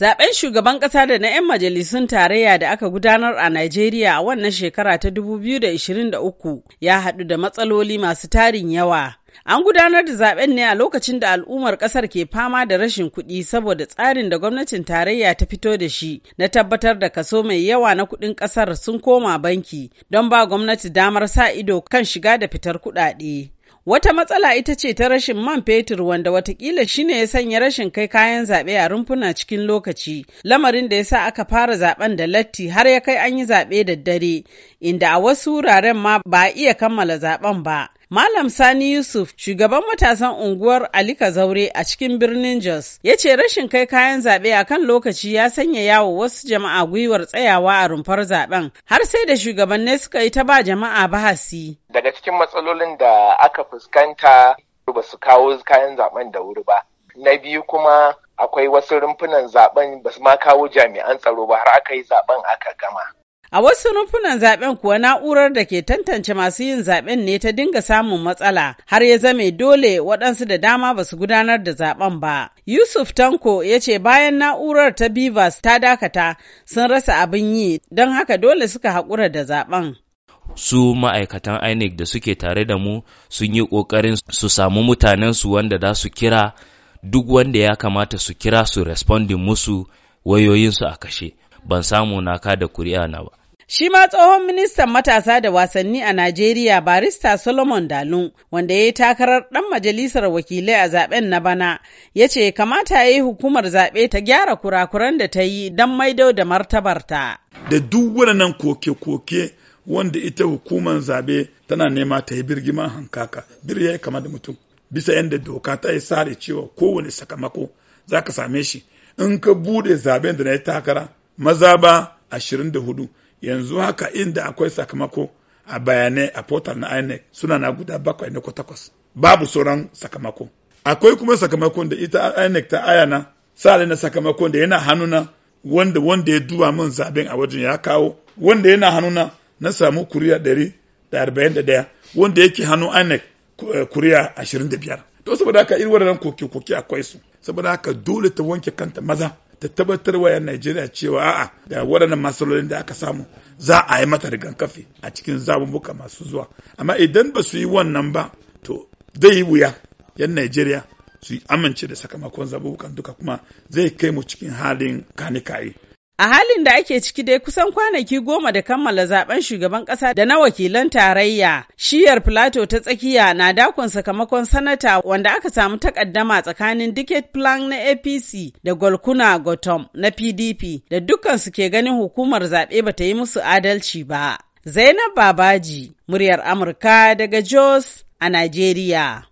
Zaben shugaban ƙasa da na 'yan majalisun tarayya da aka gudanar a Najeriya a wannan shekara ta 2023 ya haɗu da matsaloli masu tarin yawa. An gudanar da zaben ne a lokacin da al'ummar ƙasar ke fama da rashin kuɗi saboda tsarin da gwamnatin tarayya ta fito da shi na tabbatar da kaso mai yawa na kuɗin ƙasar sun koma banki don ba gwamnati damar sa ido kan shiga da fitar kuɗaɗe. Wata matsala ita ce ta rashin man fetur wanda watakila shi ne ya sanya rashin kai kayan zaɓe a rumfuna cikin lokaci, lamarin da ya sa aka fara zaɓen da latti har ya kai an yi zaɓe da dare, inda a wasu wuraren ma ba a iya kammala zaɓen ba. Malam Sani Yusuf, shugaban matasan unguwar Alika Zaure a cikin birnin Jos, ya ce rashin kai kayan zaɓe a kan lokaci ya sanya yawo wasu jama'a gwiwar tsayawa a rumfar zaɓen, har sai da shugabannai suka yi ta ba jama'a bahasi. Daga cikin matsalolin da aka fuskanta ba su kawo kayan zaɓen da wuri ba. Na biyu kuma akwai wasu rumfunan zaɓen ba su ma kawo jami'an tsaro ba har aka yi zaɓen aka gama. A wasu rumfunan zaben kuwa na'urar da ke tantance masu yin zaben ne ta dinga samun matsala har ya zame dole waɗansu da dama ba su gudanar da zaben ba. Yusuf Tanko ya ce bayan na'urar ta Bivas ta dakata sun rasa abin yi don haka dole suka haƙura da zaben. su ma'aikatan INEC da suke tare da mu sun yi ƙoƙarin su samu mutanensu wanda za su kira duk wanda ya kamata su kira su respondin musu wayoyinsu a kashe ban samu na kada kuri'a na ba. Shi ma tsohon ministan matasa da wasanni a Najeriya barista Solomon dalu wanda ya yi takarar ɗan majalisar wakilai a zaben na bana ya ce kamata ya yi hukumar zaɓe ta gyara kurakuran da ta yi don maido da martabarta. Da duk wannan koke-koke wanda ita hukumar zaɓe tana nema ta yi birgiman hankaka, bir kama da mutum. Bisa yadda doka ta yi sare cewa kowane sakamako za ka same shi in ka bude zaben da na yi takara maza mazaba 24 yanzu haka inda akwai sakamako a bayanai a portal na inec suna na guda bakwai na takwas babu sauran sakamako akwai kuma sakamakon da ita inec ta ayana sa'ali na sakamakon da yana hannuna wanda wanda ya duba min zaben a wajen ya kawo wanda yana hannuna na samu kuriya ɗari da arba'in da ɗaya wanda yake hannu inec eh, kuriya ashirin da biyar to saboda haka irin wadannan koke-koke akwai su saboda haka dole ta wanke kanta maza ta tabbatar wa yan Najeriya cewa a'a da waɗannan matsalolin da aka samu za a yi mata kafe a cikin zabubuka masu zuwa amma idan ba su yi wannan ba to zai yi wuya yan Najeriya su amince da sakamakon zabubukan duka kuma zai kai mu cikin halin kanikaye A halin da ake ciki dai kusan kwanaki goma da kammala zaben shugaban kasa da na wakilan tarayya, shiyar plato ta tsakiya na dakon sakamakon sanata wanda aka samu takaddama tsakanin Dicket Plan na APC da Golkuna Gotom na PDP da dukkan su ke ganin hukumar zaɓe ta yi musu adalci ba. Zainab Babaji, muryar Amurka daga Jos a Najeriya.